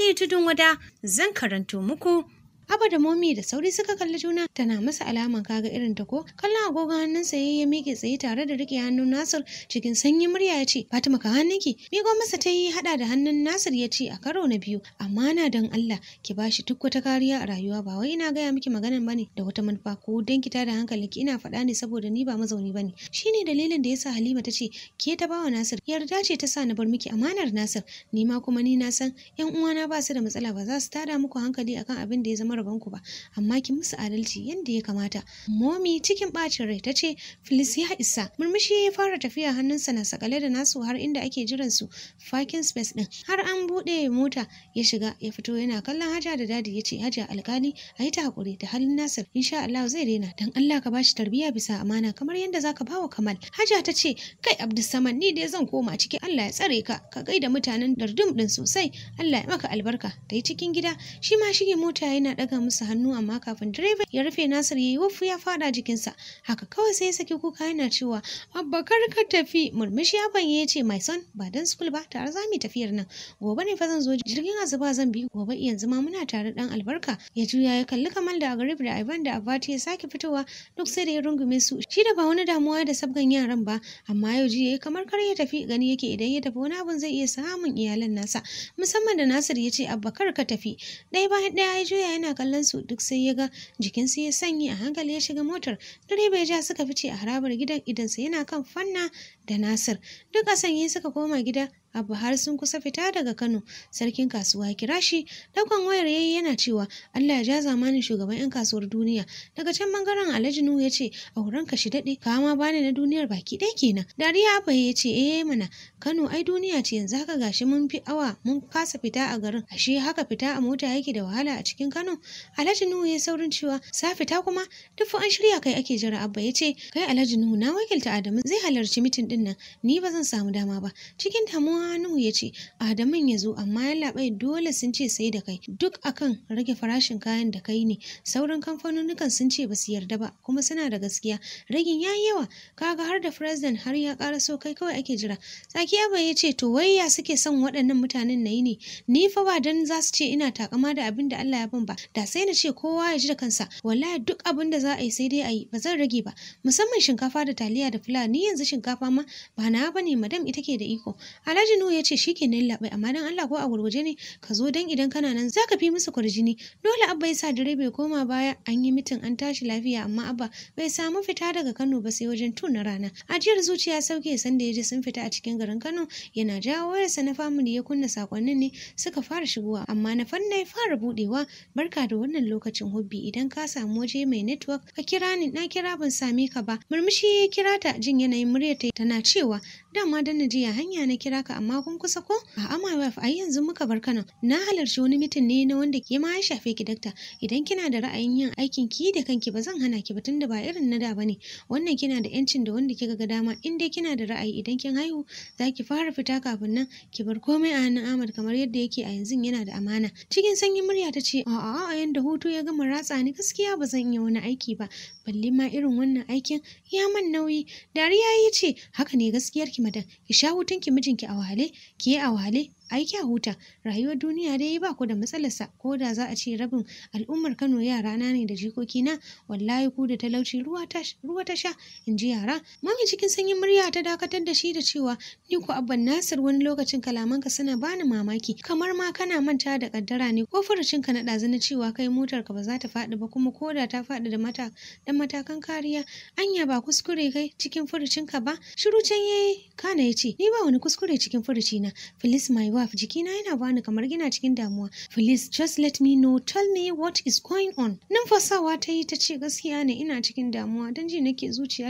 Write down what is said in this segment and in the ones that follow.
Lili Tudun Wada zan karanto muku Abba da Momi da sauri suka kalli juna tana masa alaman kaga irin ta ko. Kallon agogon hannunsa ya ya miƙe tsaye tare da riƙe hannun Nasir cikin sanyin murya ya ce Fatima ka hannunki. Miƙo masa ta yi haɗa da hannun Nasir ya ce a karo na biyu amana don Allah ki bashi duk wata kariya a rayuwa ba wai ina gaya miki maganan bane da wata manufa ko dan ki tada hankalinki ina faɗa ne saboda ni ba mazauni bane. ne dalilin da ya sa Halima ta ce ke ta bawa Nasir yarda ce ta sa na bar miki amanar Nasir ni ma kuma ni na san 'yan uwana ba su da matsala ba za su tada muku hankali akan abin da ya zama ku ba amma ki musu adalci yadda ya kamata momi cikin bacin rai ta ce filis ya isa murmushi ya fara tafiya hannunsa na sakale da nasu har inda ake jiran su fakin space din har an buɗe mota ya shiga ya fito yana kallon haja da dadi ya ce haja alkali a yi ta hakuri da halin nasir insha Allah zai daina dan Allah ka bashi tarbiya bisa amana kamar yadda zaka bawa kamal haja ta ce kai abdusaman ni dai zan koma ciki Allah ya tsare ka ka gaida mutanen dardum din sosai Allah ya maka albarka ta cikin gida shi ma shige mota yana daga daga musu hannu amma kafin direban ya rufe Nasir ya yi wufu ya faɗa jikinsa. Haka kawai sai ya saki kuka yana cewa abba kar ka tafi murmushi ya ce my son ba dan school ba tare za mu tafiyar nan. Gobe ne fa zan zo jirgin azuba zan bi gobe yanzu ma muna tare dan albarka. Ya juya ya kalli Kamal da Agarib da Ivan da Abati ya sake fitowa duk sai da ya rungume su. Shi da ba wani damuwa da sabgan yaran ba amma yau ji yayi kamar kar ya tafi gani yake idan ya tafi wani abun zai iya samun iyalan nasa musamman da Nasir ya ce abba kar ka tafi. Ɗaya bayan daya ya juya yana yana kallon su duk sai ya ga jikinsu ya sanyi a hankali ya shiga motar direba ya ja suka fice a harabar gidan idansa yana kan fanna da nasir duk a sanye suka koma gida abu har sun kusa fita daga kano sarkin kasuwa ya kira shi daukan wayar yayi yana cewa allah ya ja zamanin shugaban yan kasuwar duniya daga can bangaren alhaji nuhu ya ce auren ka shi daɗe ka ma bani na duniyar baki ɗaya kenan dariya abaye ya ce eh mana kano ai duniya ce yanzu haka gashi mun fi awa mun kasa fita a garin ashe haka fita a mota yake da wahala a cikin kano alhaji nuhu ya saurin cewa sa fita kuma duk an shirya kai ake jira abba ya ce kai alhaji nuhu na wakilta adamu zai halarci mitin ɗin nan ni ba zan samu dama ba cikin damuwa Nuhu ya ce, Adamun ya zo amma ya labai dole sun ce sai da kai duk akan rage farashin kayan da kai ne sauran kamfanonukan sun ce ba su yarda ba kuma suna da gaskiya ragin ya yi yawa kaga har da president har ya ƙara so kai kawai ake jira saki bai ya ce to wai ya suke son waɗannan mutanen na yi ne ni fa ba dan za su ce ina takama da abin da Allah ya ban ba da sai na ce kowa ya ji da kansa wallahi duk abin da za a yi sai dai a yi ba zan rage ba musamman shinkafa da taliya da fulani yanzu shinkafa ma ba na ba ne madam ita ke da iko alhaji Alhaji ya ce shi ke nan labai amma dan Allah ko a gurguje ne ka zo dan idan kana nan zaka fi musu kwarjini. Dole Abba ya sa direba bai koma baya an yi mitin an tashi lafiya amma Abba bai samu fita daga Kano ba sai wajen tun na rana. Ajiyar zuciya sauke sanda ya yaje sun fita a cikin garin Kano yana jawo wayarsa na family ya kunna sakonnin ne suka fara shigowa amma na fanna ya fara budewa barka da wannan lokacin hobbi idan ka samu waje mai network ka kira ni na kira ban same ka ba murmushi ya kira ta jin yanayin muryar ta tana cewa dama dan na jiya hanya na kira ka amma kun kusa ko a ama wife yanzu muka bar Kano na halarci wani mitin ne na wanda ke ma ya shafe ki dakta idan kina da ra'ayin yin aikin ki da kanki ba zan hana ki ba tunda ba irin na da bane wannan kina da yancin da wanda kika ga dama in dai kina da ra'ayi idan kin haihu zaki fara fita kafin nan ki bar komai a hannun Ahmad kamar yadda yake a yanzu yana da amana cikin sanyin murya ta ce a a a yanda hutu ya gama ratsa ni gaskiya ba zan iya wani aiki ba balle ma irin wannan aikin ya man nauyi dariya ya ce haka ne gaskiyar ki Madan ki sha hutun ki mijinki a wahale ki yi a wahale ai a huta rayuwar duniya dai ba ku da matsalarsa ko da za a ce rabin al'ummar Kano yara na ne da jikoki na wallahi ku da talauci ruwa ta ruwa sha in ji yara mami cikin sanyin murya ta dakatar da shi da cewa ni ku abban Nasir wani lokacin kalamanka suna bani mamaki kamar ma kana manta da kaddara ne ko furucinka na ɗazu na cewa kai motar ka ba za ta faɗi ba kuma koda da ta faɗi da mata da matakan kariya anya ba kuskure kai cikin furucinka ba shiru can yayi kana yace ni ba wani kuskure cikin furucina please my Nawaf jikina yana bani kamar gina cikin damuwa. Please just let me know tell me what is going on. Numfasawa ta yi ta ce gaskiya ne ina cikin damuwa don ji nake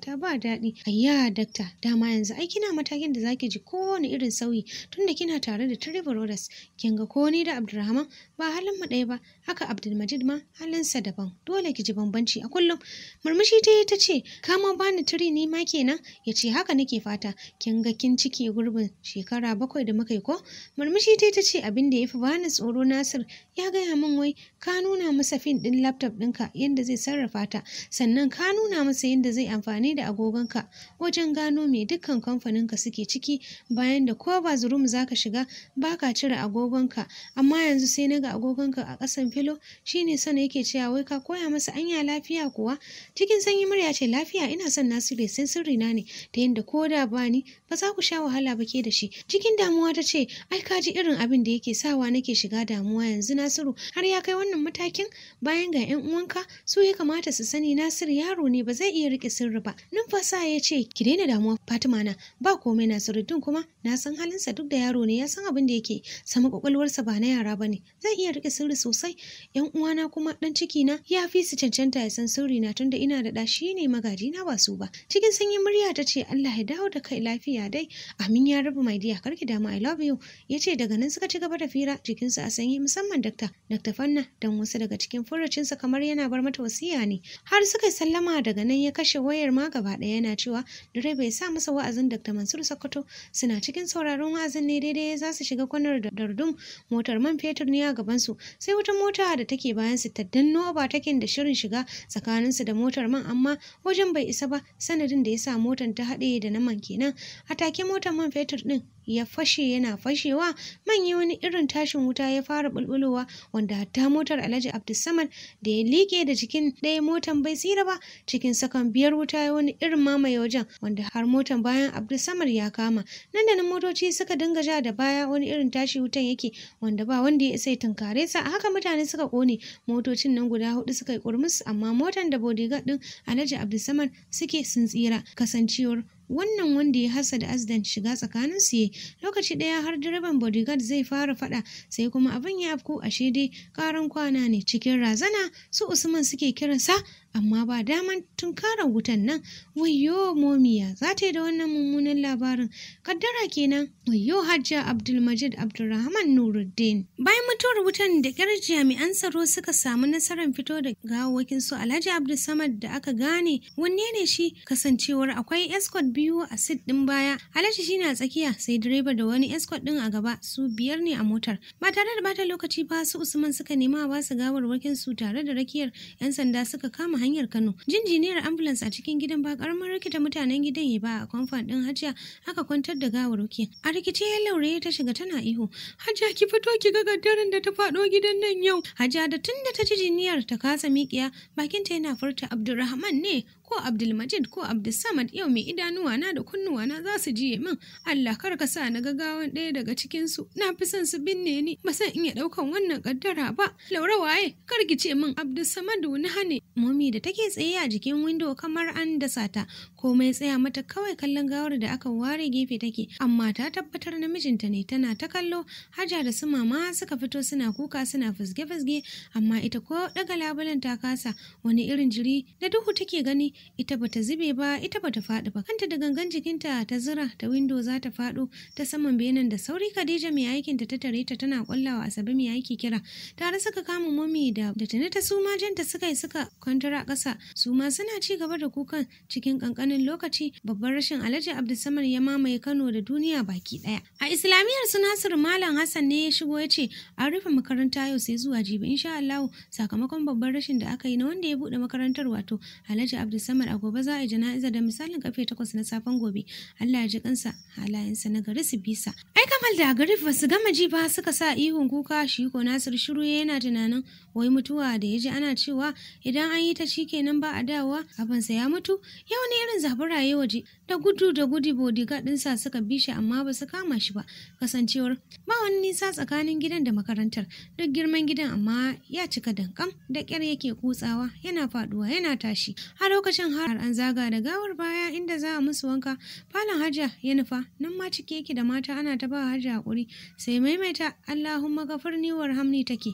ta ba daɗi. Ayya dakta dama yanzu ai kina matakin da zaki ji kowane irin sauyi tunda kina tare da Trevor Rodas. Kin ga ko ni da Abdulrahman ba halin mu ɗaya ba haka Abdulmajid ma halinsa daban dole ki ji bambanci a kullum. Murmushi ta yi ta ce kama bani tiri ni ma kenan ya ce haka nake fata kin ga kin cike gurbin shekara bakwai da muka yi ko Murmushi ta ta ce abin da ya fi bani tsoro Nasir ya gaya min wai ka nuna masa fin ɗin laptop ɗinka yadda zai sarrafa ta sannan ka nuna masa yadda zai amfani da agogonka wajen gano mai dukkan kamfaninka suke ciki bayan da ko ba zurum za ka shiga ba ka cire agogonka amma yanzu sai na ga agogonka a ƙasan filo shine sana yake cewa wai ka koya masa anya lafiya kuwa cikin sanyi murya ce lafiya ina son Nasiru sai sirri na ne ta yadda ko da bani ba za ku sha wahala ba ke da shi cikin damuwa ta ce ai ka ji irin abin da yake sawa nake shiga damuwa yanzu Nasiru har ya kai wannan matakin bayan ga 'yan uwanka su ya kamata su sani Nasiru yaro ne ba zai iya rike sirri ba. Numfasa ya ce ki daina damuwa Fatima na ba komai Nasiru din kuma na san halinsa duk da yaro ne ya san abin da yake sama kwakwalwarsa ba na yara bane zai iya rike sirri sosai 'yan uwana kuma dan ciki na ya fi su cancanta ya san sirri na tunda ina da shi ne magaji na ba su ba. Cikin sanyin murya ta ce Allah ya dawo da kai lafiya dai amin ya rabu my dear karki damu I love you ya ce daga nan suka ci gaba da fira jikinsu a sanyi musamman dakta dakta fanna don wasu daga cikin furucinsa kamar yana bar mata wasiya ne har suka sallama daga nan ya kashe wayar ma gaba ɗaya yana cewa direba ya sa masa wa'azin dakta mansur sokoto suna cikin sauraron wa'azin ne daidai za su shiga kwanar da dardun motar man fetur ne a gabansu sai wata mota da take bayan su taddan danno ba da shirin shiga tsakanin su da motar man amma wajen bai isa ba sanadin da ya sa motar ta haɗe da na kenan a take motar man fetur ɗin ya fashe yana fashewa manya wani irin tashin wuta ya fara bulbulowa wanda hatta motar alhaji abdulsamad da ya liƙe da cikin ɗaya motan bai tsira ba cikin sakan biyar wuta ya wani irin mamaye wajen wanda har motan bayan abdulsamad ya kama nan da nan motoci suka dinga ja da baya wani irin tashi wutan yake wanda ba wanda ya isa ya tunkare sa a haka mutane suka kone motocin nan guda hudu suka yi kurmus amma motan da bodyguard din alhaji abdulsamad suke sun tsira kasancewar wannan wanda ya hasa da azdan shiga tsakanin su yi lokaci ɗaya har direban bodyguard zai fara faɗa sai kuma abin ya afko ashe dai karan kwana ne cikin razana su usman suke kiransa amma ba daman tunkarar wutan nan wayo momiya za ta yi da wannan mummunan labarin kaddara kenan wayo hajja abdulmajid abdulrahman nuruddin bayan mutuwar wutan da kyar jami'an tsaro suka samu nasarar fito da gawawakin su alhaji abdulsamad da aka gane wanne ne shi kasancewar akwai escort biyu a sit din baya alhaji shi na tsakiya sai direba da wani escort din a gaba su biyar ne a motar ba tare da bata lokaci ba su usman suka nema ba su gawarwakin su tare da rakiyar yan sanda suka kama hanyar Kano. Jinjiniyar ambulance a cikin gidan ba karamar rikita mutanen gidan ya ba a kwamfan din Hajiya aka kwantar da gawar roke. A rikice ya laure ta shiga tana ihu. Hajiya ki fito ki ga gaddaren da ta faɗo gidan nan yau. Hajiya da tun da ta ji jiniyar ta kasa miƙiya bakinta yana furta Abdulrahman ne ko Abdulmajid ko Abdulsamad yau mai idanuwa na da kunnuwa na za su jiye min Allah kar ka sa na gaggawan ɗaya daga cikin su na fi son su binne ni ba san iya ɗaukan wannan kaddara ba Laura waye kar ki ce min Abdulsamadu na hane mummy da take tsaye a jikin window kamar an dasa ta komai tsaya mata kawai kallon gawar da aka ware gefe take amma ta tabbatar namijinta ne tana ta kallo haja da su mama suka fito suna kuka suna fusge-fusge amma ita ko daga labulen ta kasa wani irin jiri da duhu take gani ita bata zube ba ita bata faɗi ba kanta da gangan jikinta ta zira ta window za ta faɗo ta saman benin da sauri Khadija mai aikin ta tare ta tana kwallawa Asabe mai aiki kira tare suka kama mami da da tana ta suma janta suka yi suka kwantara ƙasa suma suna ci gaba da kukan cikin kankanin lokaci babban rashin Alhaji Abdulsamad ya mamaye Kano da duniya baki daya a islamiyar su Nasir Malam Hassan ne ya shigo ya ce an rufe makaranta yau sai zuwa jibi insha Allah sakamakon babban rashin da aka yi na wanda ya bude makarantar wato Alhaji abdul Samar a gobe za a yi jana'iza da misalin karfe 8 na safen gobe. Allah ya ji kansa halayensa na gari su bisa. Ai kamal da garif ba su gama ji ba suka sa ihun kuka shi ko Nasir shiru yana tunanin wai mutuwa da ya ji ana cewa idan an yi ta shi kenan ba a dawowa abansa ya mutu yau ne irin ya waje da gudu da gudu bodyguard ɗinsa suka bi shi amma ba su kama shi ba kasancewar ba wani nisa tsakanin gidan da makarantar duk girman gidan amma ya cika dankam da ƙyar yake kutsawa yana faɗuwa yana tashi A lokacin shan har an zaga da gawar baya inda za a musu wanka falon hajja ya nufa nan ma cike yake da mata ana ta ba hajja hakuri sai maimaita allahumma niwar hamni take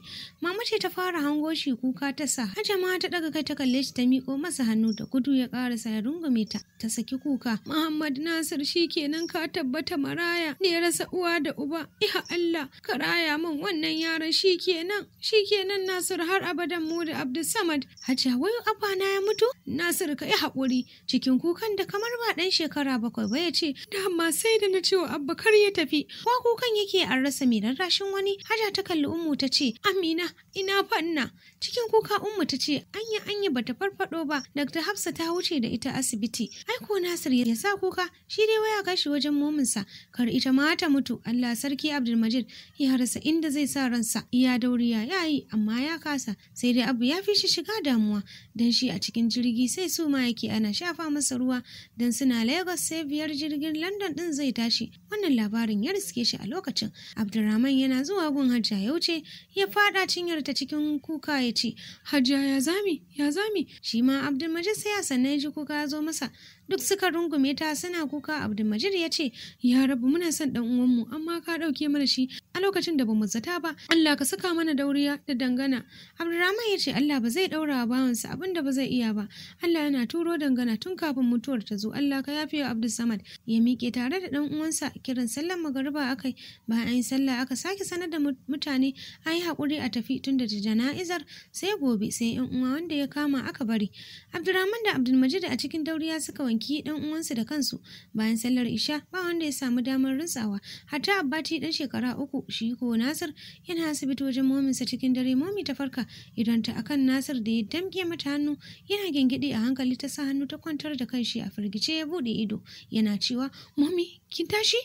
mama ce ta fara hango shi kuka ta sa hajja ma ta daga kai ta kalle shi ta miko masa hannu da gudu ya karasa ya rungume ta ta saki kuka muhammad nasir shi kenan ka tabbata maraya ne rasa uwa da uba iha allah ka raya min wannan yaran shi kenan shi kenan nasir har abadan mu da abdulsamad hajja wai abana ya mutu nasir Afirka ya haƙuri cikin kukan da kamar ba ɗan shekara bakwai ba ya ce dama sai da na ce wa abba kar ya tafi. Wa kukan yake an rasa mai rarrashin wani haja ta kalli ummu ta ce Amina ina fanna. Cikin kuka ummu ta ce anya anya bata farfado ba Dr. Hafsa ta wuce da ita asibiti. Aiko Nasir ya sa kuka shi dai waya gashi wajen mominsa kar ita ma ta mutu Allah sarki Abdulmajid ya rasa inda zai sa ransa iya dauriya yayi amma ya kasa sai dai abu ya fi shi shiga damuwa dan shi a cikin jirgi sai su ma yake ana shafa masa ruwa don suna Lagos sai biyar jirgin London din zai tashi. Wannan labarin ya riske shi a lokacin. abdulrahman yana zuwa gun Hajja ya wuce ya fada cinyar ta cikin kuka ya ce Hajja ya zami ya zami shi ma Abdulmajid sai ya ya ji kuka ya zo masa duk suka rungume ta suna kuka Abdulmajid ya ce ya rabu muna son dan uwanmu amma ka dauke mana shi a lokacin da bamu zata ba Allah ka saka mana dauriya da dangana abdulrahman ya ce Allah ba zai daura bawansa abinda ba zai iya ba Allah na turo dangana tun kafin mutuwar ta zo Allah ka yafe wa Abdul Samad ya miƙe tare da ɗan uwansa kiran sallar magariba akai bayan sallah aka sake sanar da mutane ayi hakuri haƙuri a tafi tun da jana'izar sai gobe sai yan uwa wanda ya kama aka bari Abdulrahman da Abdulmajid a cikin dauriya suka wanki ɗan uwansu da kansu bayan sallar isha ba wanda ya samu damar rintsawa hatta Abbati dan shekara uku shi ko Nasir yana asibiti wajen mominsa cikin dare momi ta farka idan ta akan Nasir da ya damge mata hannu yana gingidi a hankali hankali ta sa hannu ta kwantar da kanshi a firgice ya buɗe ido yana cewa mami kin tashi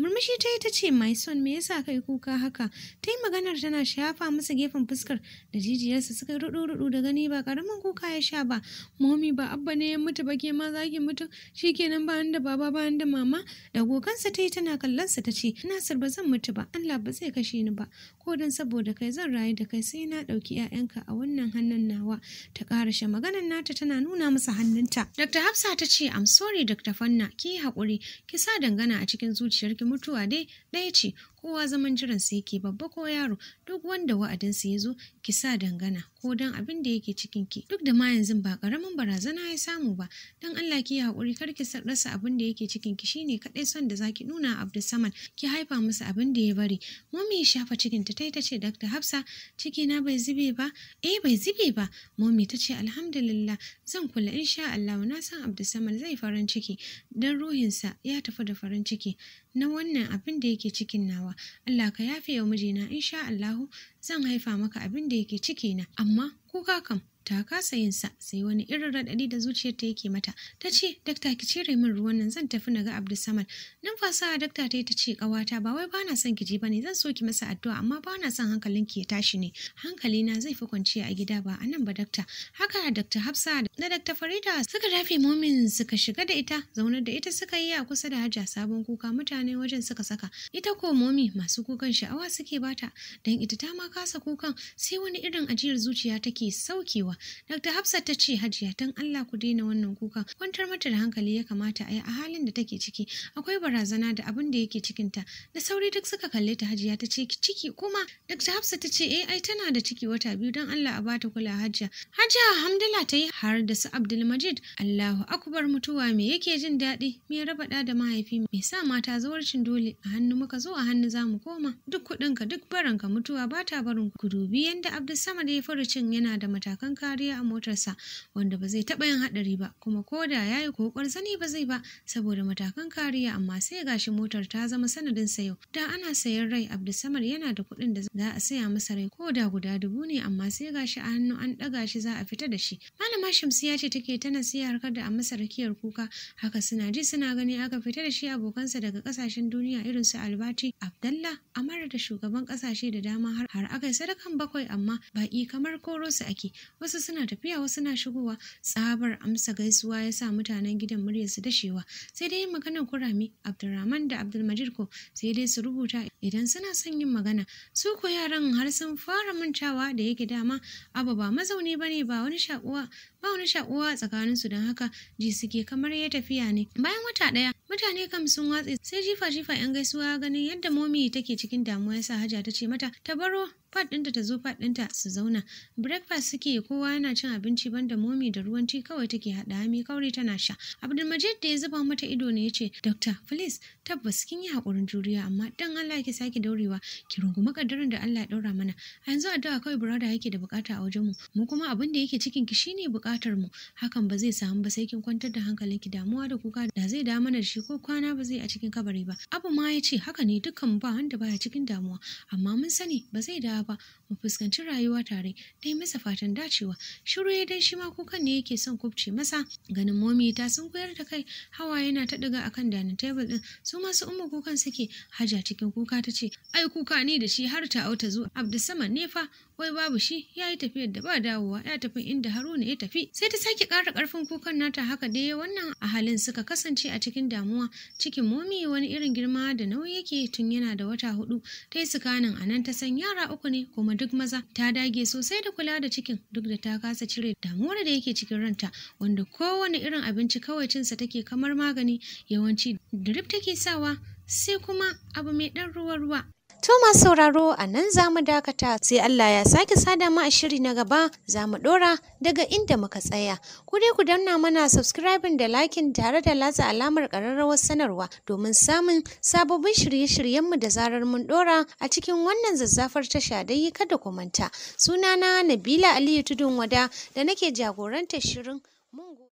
Murmushi ta yi ta ce, "My son, me yasa kai kuka haka?" Ta yi maganar tana shafa masa gefen fuskar da jijiyarsa suka rudu-rudu da gani ba karamin kuka ya sha ba. Momi ba abba ne ya mutu ba ke ma za ki mutu, shi kenan ba da baba ba da mama. Da gokansa ta yi tana sa ta ce, "Nasir ba zan mutu ba, Allah ba zai kashe ni ba, ko don saboda kai zan rayu da kai sai na ɗauki ƴaƴanka a wannan hannun nawa." Ta sha maganar nata tana nuna masa hannunta. Dr. Hafsa ta ce, "I'm sorry Dr. Fanna, ki haƙuri, ki sa dangana a cikin zuciyarki mutuwa dai ɗaya ce kowa zaman jiran jiransa yake babba ko yaro duk wanda wa'adinsa ya zo ki sa dangana ko dan abin da yake cikin ki duk da ma yanzu ba karamin barazana ya samu ba dan Allah ki hakuri kar ki rasa abin da yake cikin ki shine kadai son da zaki nuna Abdul Saman ki haifa masa abin da ya bari mummy shafa cikin ta tai tace Dr. Hafsa ciki na bai zube ba eh bai zube ba mummy tace alhamdulillah zan kula insha Allah na san Abdul zai farin ciki dan ruhinsa ya tafi da farin ciki na wannan abin da yake cikin nawa Allah ka yafe wa mijina insha Allahu zan haifa maka abin da yake ciki na amma kuka kam ta kasa yin sa sai wani irin raɗaɗi da zuciyarta yake mata ta ce dakta ki cire min ruwan nan zan tafi na ga abdulsamad nan fasa dakta ta yi ta ce ƙawata ba wai bana son ki je bane zan so ki masa addu'a amma bana son hankalin ki ya tashi ne hankali na zai fi kwanciya a gida ba a ba dakta haka dakta hafsa da dakta farida suka dafe momin suka shiga da ita zaunar da ita suka yi a kusa da hajja sabon kuka mutane wajen suka saka ita ko momi masu kukan sha'awa suke bata dan ita ta ma kasa kukan sai wani irin ajiyar zuciya take saukewa kowa dr hafsat ta ce hajiya don allah ku daina wannan kukan kwantar mata da hankali ya kamata a yi a halin da take ciki akwai barazana da abin da yake cikinta da sauri duk suka kalle ta hajiya ta ce ciki kuma dr hafsat ta ce eh ai tana da ciki wata biyu don allah a bata kula hajiya hajiya hamdala ta yi har da su abdulmajid allahu akubar mutuwa me yake jin daɗi me raba da da mahaifi me sa mata zawarcin dole a hannu muka zo a hannu za mu koma duk kuɗinka duk baranka mutuwa bata barin ku dubi yanda abdulsamad ya furucin yana da matakan kariya a motarsa wanda ba zai taɓa yin haɗari ba kuma ko da ya yi kokar zani ba zai ba saboda matakan kariya amma sai gashi motar ta zama sanadin yau. da ana sayan rai abdulsamad yana da kuɗin da za a saya masa rai ko da guda dubu ne amma sai gashi a hannu an ɗaga shi za a fita da shi malama shamsiya ce take ta harkar da a masa rakiyar kuka haka suna ji suna gani aka fita da shi abokansa daga kasashen duniya irin su albati abdallah amara da shugaban kasashe da dama har aka yi sadakan bakwai amma baƙi kamar koro su ake wasu suna tafiya wasu suna shigowa tsabar amsa gaisuwa ya sa mutanen gidan muryarsu dashewa sai dai maganar kur'ami abdulrahman da abdulmajid ko sai dai su rubuta idan suna son yin magana su ko yaran har sun fara mantawa da yake dama abu ba mazauni bane ba wani shakuwa ba wani shakuwa a su don haka ji suke kamar ya tafiya ne bayan wata ɗaya mutane kam sun watse sai jifa jifa yan gaisuwa ganin yadda momi take cikin damuwa yasa haja ta ce mata ta baro fat ɗinta ta zo fat ɗinta su zauna breakfast suke kowa yana cin abinci banda momi da ruwan ci kawai take haɗa mai kauri tana sha abdulmajid da ya zuba mata ido ne ya ce dokta please tabbas kin yi hakurin juriya amma dan Allah ki sake daurewa ki rungumi kaddarin da Allah ya daura mana a yanzu addu'a kawai burada yake da bukata a wajen mu mu kuma abin da yake cikin ki shine bukata bukatar mu hakan ba zai samu ba sai kin kwantar da hankalinki damuwa da kuka da zai da mana shi ko kwana ba zai a cikin kabari ba abu ma ya ce haka ne dukkan ba wanda baya cikin damuwa amma mun sani ba zai dawo ba mu fuskanci rayuwa tare dai masa fatan dacewa shiru ya dan shi ma kukan ne yake son kubce masa ganin momi ta sun koyar da kai hawa yana ta ɗiga akan dining table din su masu umma kukan suke haja cikin kuka ta ce ai kuka ne da shi har ta auta zuwa abdusaman ne fa wai babu shi ya yi tafiyar da ba dawowa ya tafi inda haruna ya tafi tafi sai ta sake ƙara ƙarfin kukan nata haka dai wannan a halin suka kasance a cikin damuwa cikin momi wani irin girma da nauyi yake tun yana da wata hudu ta yi sukanin a nan ta san yara uku ne kuma duk maza ta dage sosai da kula da cikin duk da ta kasa cire damuwar da yake cikin ranta wanda kowane irin abinci kawai cinsa take kamar magani yawanci drip take sawa sai kuma abu mai ɗan ruwa-ruwa To masu sauraro a nan za mu dakata sai Allah ya sake sada mu a shiri na gaba za mu ɗora daga inda muka tsaya. Ku dai ku danna mana subscribing da liking tare da latsa alamar ƙararrawar sanarwa domin samun sababbin shirye-shiryenmu da zarar mun ɗora a cikin wannan zazzafar tasha dai kada ku manta. Sunana Nabila Aliyu Tudun Wada da nake jagorantar shirin. Mungu.